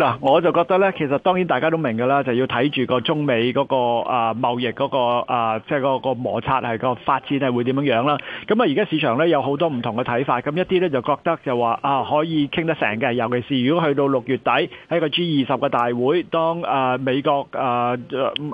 嗱，我就覺得咧，其實當然大家都明㗎啦，就要睇住個中美嗰個啊貿易嗰個啊，即係個個摩擦係個發展係會點樣樣啦。咁啊，而家市場咧有好多唔同嘅睇法，咁一啲咧就覺得就話啊可以傾得成嘅，尤其是如果去到六月底喺個 G 二十嘅大會，當啊美國啊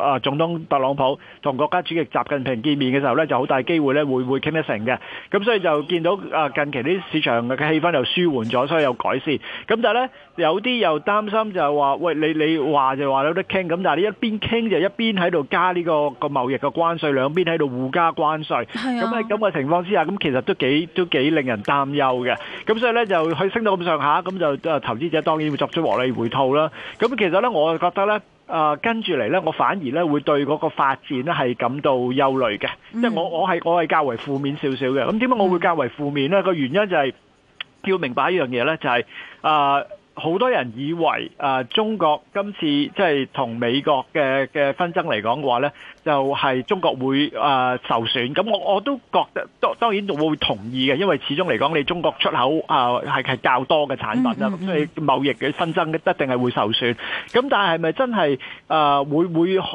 啊總統特朗普同國家主席習近平見面嘅時候咧，就好大機會咧會會傾得成嘅。咁所以就見到啊近期啲市場嘅氣氛又舒緩咗，所以有改善。咁但係咧有啲又擔心。就係話，喂，你你話就話有得傾，咁但係你一邊傾就一邊喺度加呢個個貿易嘅關稅，兩邊喺度互加關稅，咁喺咁嘅情況之下，咁其實都幾都幾令人擔憂嘅。咁所以咧就佢升到咁上下，咁就投資者當然會作出獲利回吐啦。咁其實咧，我覺得咧，誒跟住嚟咧，我反而咧會對嗰個發展係感到憂慮嘅，即係我我係我係較為負面少少嘅。咁點解我會較為負面咧？個原因就係要明白一樣嘢咧，就係誒。好多人以為，啊，中國今次即係同美國嘅嘅紛爭嚟講嘅話咧。就係中國會誒受損，咁我我都覺得，當當然會同意嘅，因為始終嚟講，你中國出口誒係係較多嘅產品啦，咁所以貿易嘅紛爭一定係會受損。咁但係係咪真係誒會會誒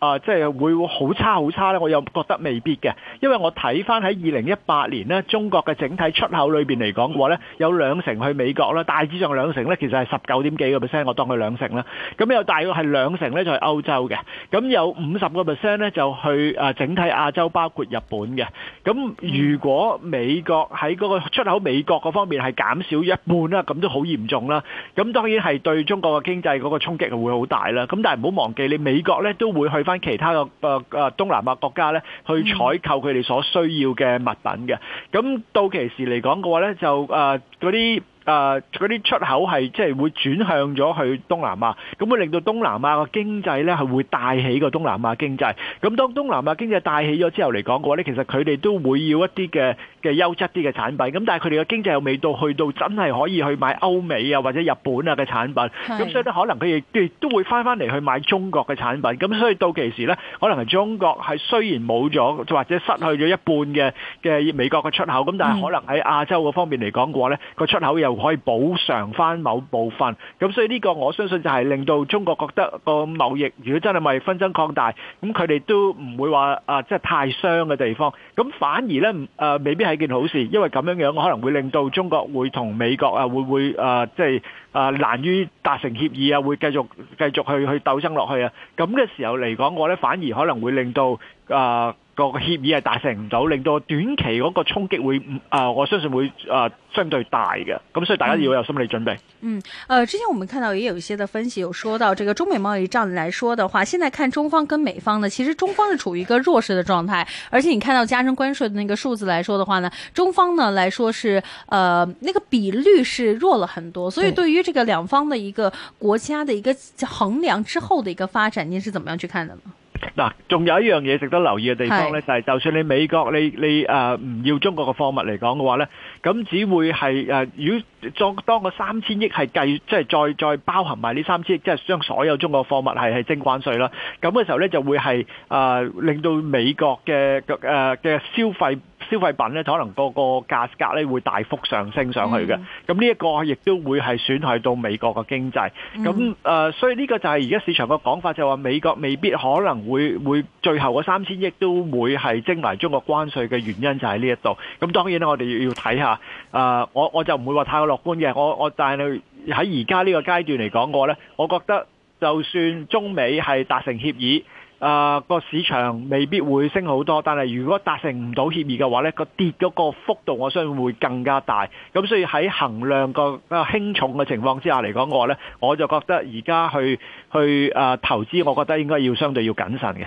誒即係會好差好差咧？我又覺得未必嘅，因為我睇翻喺二零一八年咧，中國嘅整體出口裏邊嚟講嘅話咧，有兩成去美國啦，大致上兩成咧，其實係十九點幾個 percent，我當佢兩成啦。咁有大約係兩成咧，就係歐洲嘅，咁有五十個 percent。聲咧就去啊，整體亞洲包括日本嘅。咁如果美國喺嗰個出口美國嗰方面係減少一半啦，咁都好嚴重啦。咁當然係對中國嘅經濟嗰個衝擊會好大啦。咁但係唔好忘記，你美國咧都會去返其他嘅誒誒東南亞國家咧去採購佢哋所需要嘅物品嘅。咁到其時嚟講嘅話咧，就誒嗰啲。誒嗰啲出口係即係會轉向咗去東南亞，咁會令到東南亞個經濟咧係會帶起個東南亞經濟。咁當東南亞經濟帶起咗之後嚟講嘅話咧，其實佢哋都會要一啲嘅嘅優質啲嘅產品。咁但係佢哋嘅經濟又未到去到真係可以去買歐美啊或者日本啊嘅產品，咁所以咧可能佢亦都都會翻翻嚟去買中國嘅產品。咁所以到其時咧，可能係中國係雖然冇咗或者失去咗一半嘅嘅美國嘅出口，咁但係可能喺亞洲嗰方面嚟講嘅話咧，個出口又可以補償翻某部分，咁所以呢個我相信就係令到中國覺得個貿易，如果真係貿易紛爭擴大，咁佢哋都唔會話啊，即係太傷嘅地方。咁反而呢，誒未必係件好事，因為咁樣樣可能會令到中國會同美國啊，會會誒即係誒難於達成協議啊，會繼續繼續去去鬥爭落去啊。咁嘅時候嚟講，我呢反而可能會令到啊。個協議係達成唔到，令到短期嗰個衝擊會啊、呃，我相信會啊、呃，相對大嘅，咁所以大家要有心理準備嗯。嗯，呃，之前我們看到也有一些的分析，有說到這個中美貿易戰來說的話，現在看中方跟美方呢，其實中方是處於一個弱勢的狀態，而且你看到加徵關稅的那個數字來說的話呢，中方呢來說是呃，那個比率是弱了很多，所以對於這個兩方的一個國家的一個衡量之後的一個發展，您是怎麼樣去看的呢？嗱，仲有一樣嘢值得留意嘅地方咧，就係就算你美國你你誒唔要中國嘅貨物嚟講嘅話咧，咁只會係誒如果作當個三千億係計，即係再再包含埋呢三千億，即係將所有中國貨物係係徵關稅啦。咁嘅時候咧，就會係誒、呃、令到美國嘅誒嘅消費。消費品咧，可能個個價格咧會大幅上升上去嘅，咁呢一個亦都會係損害到美國嘅經濟。咁誒、嗯，uh, 所以呢個就係而家市場嘅講法，就話、是、美國未必可能會會最後嗰三千億都會係徵埋中國關稅嘅原因就喺呢一度。咁當然咧、uh，我哋要睇下誒，我我就唔會話太過樂觀嘅。我我但係喺而家呢個階段嚟講，我呢，我覺得就算中美係達成協議。啊，個市場未必會升好多，但係如果達成唔到協議嘅話呢個跌嗰個幅度我相信會更加大。咁所以喺衡量個輕重嘅情況之下嚟講，我呢我就覺得而家去去、啊、投資，我覺得應該要相對要謹慎嘅。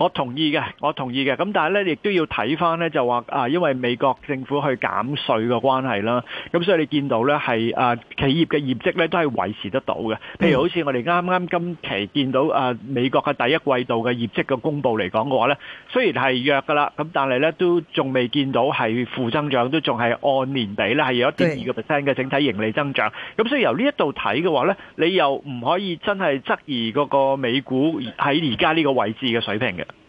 我同意嘅，我同意嘅。咁但係咧，亦都要睇翻咧，就話啊，因為美國政府去減稅嘅關係啦，咁所以你見到咧係啊企業嘅業績咧都係維持得到嘅。譬如好似我哋啱啱今期見到啊美國嘅第一季度嘅業績嘅公布嚟講嘅話咧，雖然係弱噶啦，咁但係咧都仲未見到係負增長，都仲係按年比咧係有一點二個 percent 嘅整體盈利增長。咁所以由呢一度睇嘅話咧，你又唔可以真係質疑嗰個美股喺而家呢個位置嘅水平嘅。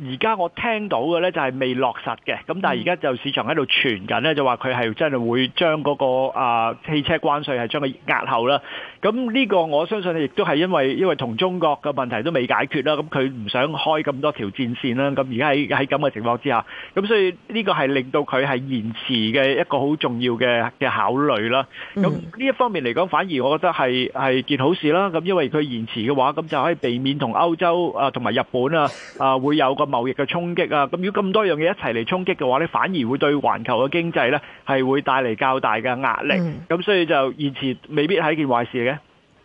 而家我聽到嘅呢就係未落實嘅，咁但係而家就市場喺度傳緊呢，就話佢係真係會將嗰個啊汽車關稅係將佢壓後啦。咁呢個我相信亦都係因為因為同中國嘅問題都未解決啦，咁佢唔想開咁多條戰線啦。咁而家喺喺咁嘅情況之下，咁所以呢個係令到佢係延遲嘅一個好重要嘅嘅考慮啦。咁呢一方面嚟講，反而我覺得係係件好事啦。咁因為佢延遲嘅話，咁就可以避免同歐洲啊同埋日本啊啊會有個貿易嘅衝擊啊，咁如果咁多樣嘢一齊嚟衝擊嘅話咧，反而會對環球嘅經濟咧係會帶嚟較大嘅壓力，咁所以就現時未必係一件壞事嘅。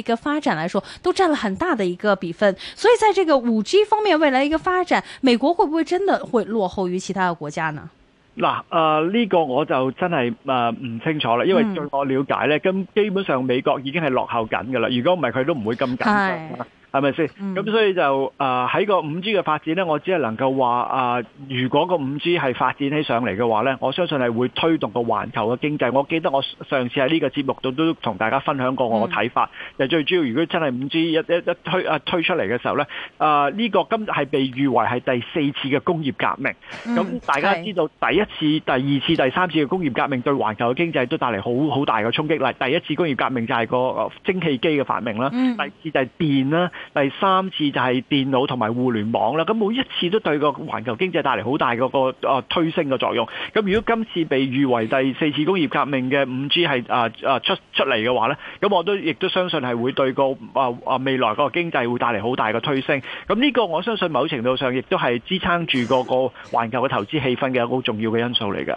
一個發展來說，都佔了很大的一個比分，所以在這個五 G 方面，未來一個發展，美國會不會真的會落後於其他的國家呢？嗱，呃，呢個我就真係呃唔清楚啦，因為據我了解咧，咁、嗯、基本上美國已經係落後了緊噶啦，如果唔係，佢都唔會咁緊。係咪先？咁、嗯、所以就啊喺個五 G 嘅發展咧，我只係能夠話啊，如果個五 G 係發展起上嚟嘅話咧，我相信係會推動個環球嘅經濟。我記得我上次喺呢個節目度都同大家分享過我嘅睇法。嗯、就最主要，如果真係五 G 一一一推啊推出嚟嘅時候咧，啊、呃、呢、這個今日係被譽為係第四次嘅工業革命。咁、嗯、大家知道的第一次、第二次、第三次嘅工業革命對環球嘅經濟都帶嚟好好大嘅衝擊。嗱，第一次工業革命就係個蒸汽機嘅發明啦，嗯、第二次就係電啦。第三次就係電腦同埋互聯網啦，咁每一次都對個環球經濟帶嚟好大個個推升嘅作用。咁如果今次被譽為第四次工業革命嘅五 G 係啊啊出出嚟嘅話呢，咁我都亦都相信係會對個啊啊未來嗰個經濟會帶嚟好大嘅推升。咁呢個我相信某程度上亦都係支撐住個環球嘅投資氣氛嘅一個好重要嘅因素嚟㗎。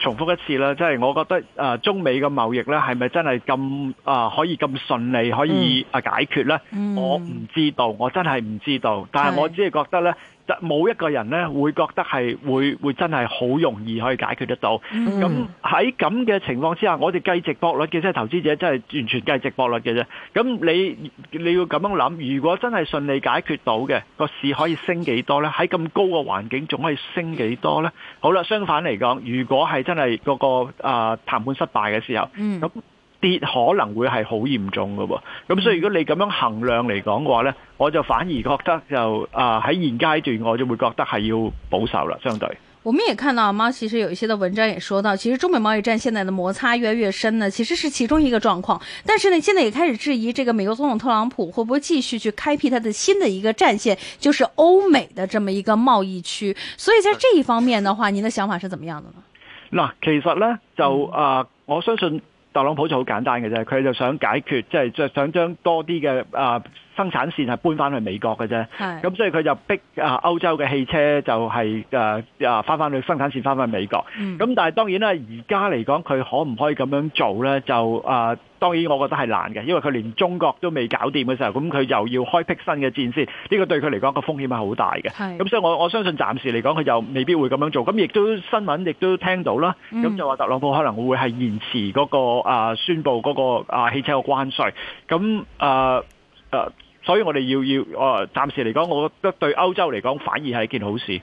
重複一次啦，即係我覺得誒，中美嘅貿易咧，係咪真係咁啊可以咁順利可以啊解決咧？嗯嗯、我唔知道，我真係唔知道，但係我只係覺得咧。冇一個人咧，會覺得係會會真係好容易可以解決得到。咁喺咁嘅情況之下，我哋計值博率嘅，即係投資者真係完全計值博率嘅啫。咁你你要咁樣諗，如果真係順利解決到嘅個市可以升幾多呢？喺咁高嘅環境，仲可以升幾多呢？好啦，相反嚟講，如果係真係嗰、那個啊談判失敗嘅時候，咁、mm。Hmm. 跌可能會係好嚴重嘅，哦，咁所以如果你咁樣衡量嚟講嘅話呢，我就反而覺得就啊喺、呃、現階段我就會覺得係要保守啦，相對。我們也看到阿媽其實有一些的文章也說到，其實中美貿易戰現在的摩擦越嚟越深呢，其實是其中一個狀況。但是呢，現在也開始質疑，這個美國總統特朗普會不會繼續去開闢他的新的一個戰線，就是歐美的這麼一個貿易區。所以在這一方面的話，您的想法是怎麼樣的呢？嗱、嗯，其實呢，就啊、呃，我相信。特朗普就好簡單嘅啫，佢就想解決，即係、即係、想將多啲嘅啊生產線係搬翻去美國嘅啫。咁是所以佢就逼啊歐洲嘅汽車就係誒啊翻翻去生產線翻翻去美國。咁、嗯、但係當然啦，而家嚟講佢可唔可以咁樣做咧？就啊。當然，我覺得係難嘅，因為佢連中國都未搞掂嘅時候，咁佢又要開闢新嘅戰線，呢個對佢嚟講個風險係好大嘅。係，咁所以我我相信暫時嚟講，佢就未必會咁樣做。咁亦都新聞亦都聽到啦，咁就話特朗普可能會係延遲嗰個啊宣佈嗰個啊汽車嘅關稅。咁啊啊，所以我哋要要啊，暫時嚟講，我覺得對歐洲嚟講，反而係一件好事。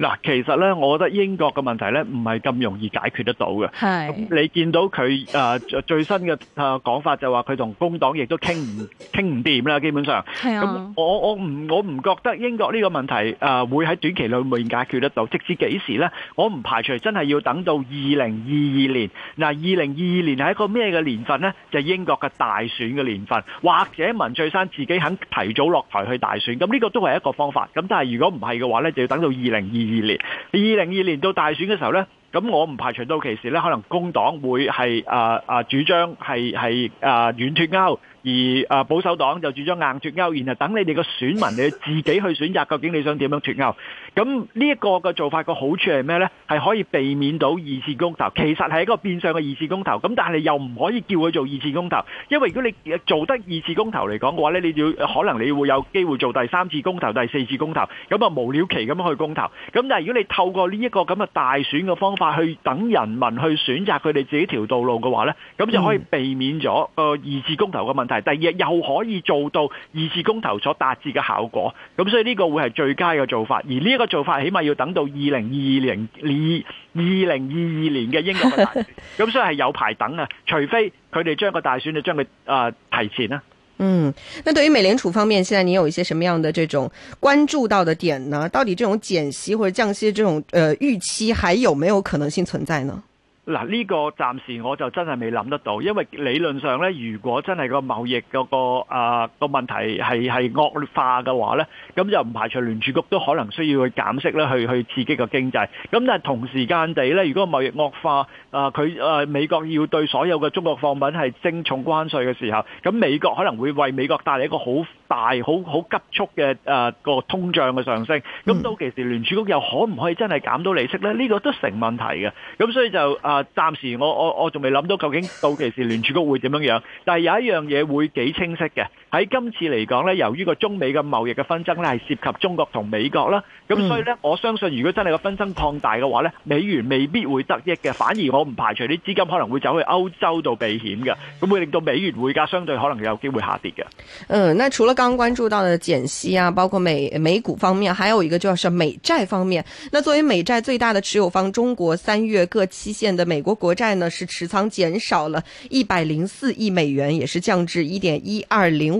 嗱，其實咧，我覺得英國嘅問題咧，唔係咁容易解決得到嘅。係。你見到佢誒最新嘅誒講法就話佢同工黨亦都傾唔傾唔掂啦，基本上。係啊。咁我我唔我唔覺得英國呢個問題誒會喺短期內面解決得到，直至幾時咧？我唔排除真係要等到二零二二年。嗱，二零二二年係一個咩嘅年份咧？就英國嘅大選嘅年份，或者文翠珊自己肯提早落台去大選，咁呢個都係一個方法。咁但係如果唔係嘅話咧，就要等到二零二二年，二零二年到大選嘅時候咧。咁我唔排除到其時咧，可能工黨會係，啊啊主張係係啊軟脱歐，而啊保守黨就主張硬脱歐，然後等你哋個選民你自己去選擇究竟你想點樣脱歐。咁呢一個嘅做法個好處係咩咧？係可以避免到二次公投，其實係一個變相嘅二次公投。咁但係又唔可以叫佢做二次公投，因為如果你做得二次公投嚟講嘅話咧，你就要可能你會有機會做第三次公投、第四次公投，咁啊無了期咁樣去公投。咁但係如果你透過呢一個咁嘅大選嘅方，法去等人民去選擇佢哋自己條道路嘅話呢，咁就可以避免咗個二次公投嘅問題。第二日又可以做到二次公投所達至嘅效果。咁所以呢個會係最佳嘅做法。而呢一個做法，起碼要等到二零二零二二零二二年嘅英國嘅大選。咁所以係有排等啊。除非佢哋將個大選就將佢啊提前啦。嗯，那對於美聯儲方面，現在你有一些什麼樣的這種關注到的點呢？到底這種減息或者降息這種，呃，預期還有沒有可能性存在呢？嗱，呢個暫時我就真係未諗得到，因為理論上咧，如果真係個貿易嗰個啊、呃、個問題係係惡化嘅話咧，咁就唔排除聯儲局都可能需要去減息咧，去去刺激個經濟。咁但係同時間地咧，如果貿易惡化。啊！佢啊，美國要對所有嘅中國貨品係徵重關稅嘅時候，咁美國可能會為美國帶嚟一個好大、好好急促嘅啊個通脹嘅上升。咁到期時聯儲局又可唔可以真係減到利息呢？呢個都成問題嘅。咁所以就啊，暫時我我我仲未諗到究竟到期時聯儲局會點樣樣。但係有一樣嘢會幾清晰嘅。喺今次嚟講呢，由於個中美嘅貿易嘅紛爭呢，係涉及中國同美國啦。咁所以呢，嗯、我相信如果真係個紛爭擴大嘅話呢，美元未必會得益嘅，反而我唔排除啲資金可能會走去歐洲度避險嘅，咁會令到美元匯價相對可能有機會下跌嘅。嗯，那除了剛關注到嘅減息啊，包括美美股方面，還有一個就係美債方面。那作為美債最大的持有方，中國三月各期限的美國國債呢，是持倉減少了一百零四億美元，也是降至一點一二零。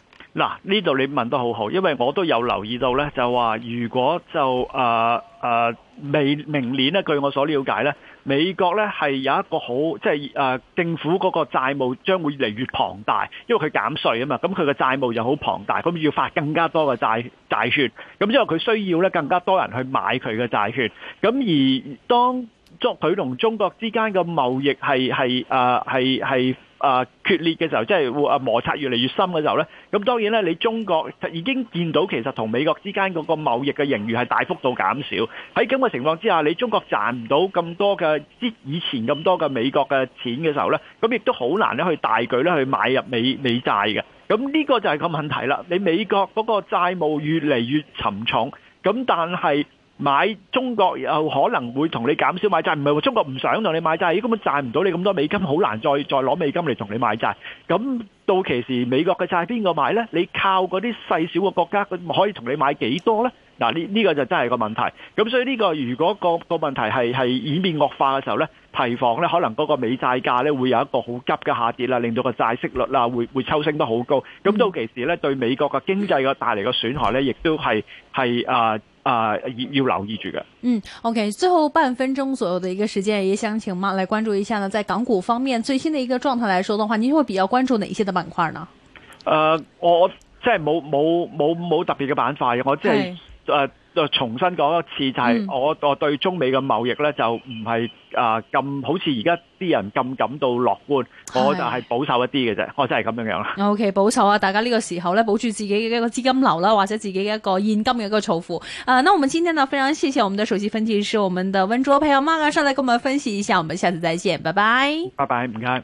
嗱，呢度、啊、你問得好好，因為我都有留意到呢。就話如果就誒誒未明年呢，據我所了解呢，美國呢係有一個好即係誒政府嗰個債務將會越嚟越龐大，因為佢減稅啊嘛，咁佢嘅債務就好龐大，咁要發更加多嘅債債券，咁因為佢需要呢更加多人去買佢嘅債券，咁而當佢同中國之間嘅貿易係係誒係係。啊、呃！決裂嘅時候，即係摩擦越嚟越深嘅時候呢。咁當然呢，你中國已經見到其實同美國之間嗰個貿易嘅盈餘係大幅度減少。喺咁嘅情況之下，你中國賺唔到咁多嘅，即以前咁多嘅美國嘅錢嘅時候呢，咁亦都好難咧去大舉咧去買入美美債嘅。咁呢個就係個問題啦。你美國嗰個債務越嚟越沉重，咁但係。買中國又可能會同你減少買債，唔係話中國唔想同你買債，咦根本賺唔到你咁多美金，好難再再攞美金嚟同你買債。咁到其時美國嘅債係邊個買咧？你靠嗰啲細小嘅國家，佢可以同你買幾多咧？嗱呢呢個就真係個問題。咁所以呢個如果個個問題係係演變惡化嘅時候咧，提防咧，可能嗰個美債價咧會有一個好急嘅下跌啦，令到個債息率啦會會抽升得好高。咁到其時咧對美國嘅經濟嘅帶嚟嘅損害咧，亦都係係啊。啊，要、呃、要留意住嘅。嗯，OK，最後半分鐘左右的一個時間，也想請嘛來關注一下呢。在港股方面最新的一個狀態來說的話，你會比較關注哪些的板塊呢？誒、呃，我即係冇冇冇冇特別嘅板塊嘅，我即係誒。是呃就重新講一次，就係我我對中美嘅貿易咧，就唔係啊咁好似而家啲人咁感到樂觀，是我就係保守一啲嘅啫，我真係咁樣樣啦。OK，保守啊！大家呢個時候咧，保住自己嘅一個資金流啦，或者自己嘅一個現金嘅一個儲庫。啊、呃，那我們今天呢非常，謝謝我們的首席分析師我們的溫灼培朋友嗎？上來跟我們分析一下，我們下次再見，拜拜，拜拜，唔該。